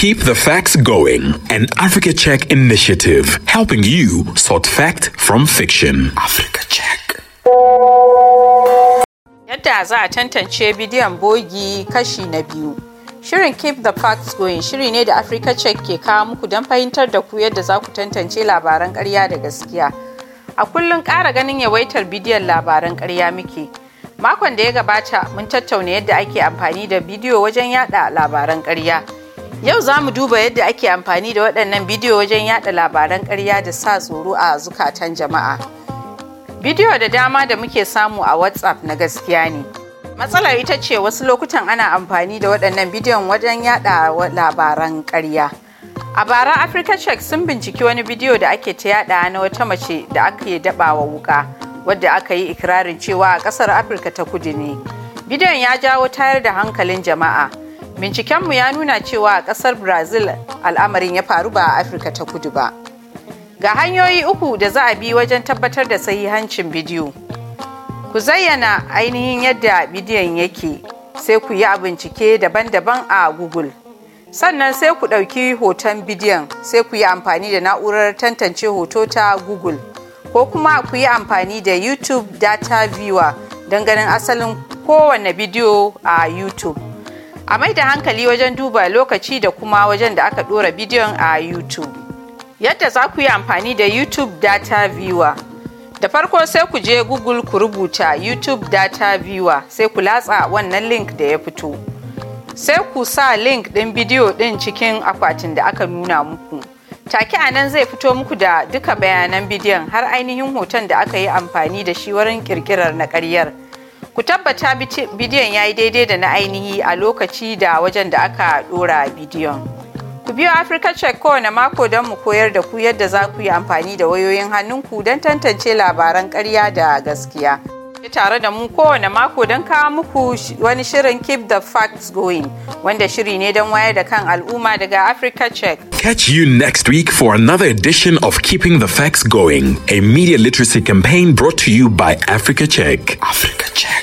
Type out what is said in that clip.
Keep the Facts Going, an Africa Check initiative, helping you sort fact from fiction. Africa Check. Yadda za a tantance bidiyon bogi kashi na biyu. Shirin Keep the Facts Going shiri ne da Africa Check ke kawo muku don fahimtar da ku yadda za ku tantance labaran ƙarya da gaskiya. A kullum ƙara ganin yawaitar bidiyon labaran ƙarya muke. Makon da ya gabata mun tattauna yadda ake amfani da bidiyo wajen yada labaran ƙarya. Yau za mu duba yadda ake amfani da waɗannan bidiyo wajen yada labaran ƙarya da sa tsoro a zukatan jama'a. Bidiyo da dama da muke samu a WhatsApp na gaskiya ne. Matsalar ita ce wasu lokutan ana amfani da waɗannan bidiyon wajen yada labaran ƙarya. A bara Africa Check sun binciki wani bidiyo da ake ta yada na wata mace da aka yi dabawa wuka wadda aka yi ikirarin cewa a ƙasar Afirka ta kudu ne. Bidiyon ya jawo tayar da hankalin jama'a. Bincikenmu ya nuna cewa a ƙasar Brazil al'amarin ya faru ba a Afirka ta kudu ba. Ga hanyoyi uku da za a bi wajen tabbatar da sahihancin bidiyo. Ku zayyana ainihin yadda bidiyon yake, sai ku yi a bincike daban-daban a Google. Sannan sai ku ɗauki hoton bidiyon, sai ku yi amfani da na'urar tantance hoto ta Google, ko kuma ku yi amfani da YouTube Data Viewer don ganin asalin kowane bidiyo a YouTube. a mai da hankali wajen duba lokaci da kuma wajen da aka dora bidiyon a youtube yadda za ku yi amfani da youtube data viewer da farko sai ku je google ku rubuta youtube data viewer sai ku latsa wannan link da ya fito sai ku sa link ɗin bidiyo ɗin cikin akwatin da aka nuna muku take a nan zai fito muku da duka bayanan bidiyon har ainihin hoton da aka yi amfani da shi wurin ƙirƙirar na ƙaryar. ku tabbata bidiyon ya yi daidai da na ainihi a lokaci da wajen da aka dora bidiyon ku biyo afirka check kowane mako don mu koyar da ku yadda za ku yi amfani da wayoyin hannunku don tantance labaran karya da gaskiya tare da mu kowane mako don kawo muku wani shirin keep the facts going wanda shiri ne don wayar da kan al'umma daga Africa Check. Catch you next week for another edition of Keeping the Facts Going, a media literacy campaign brought to you by Africa Check. Africa Check.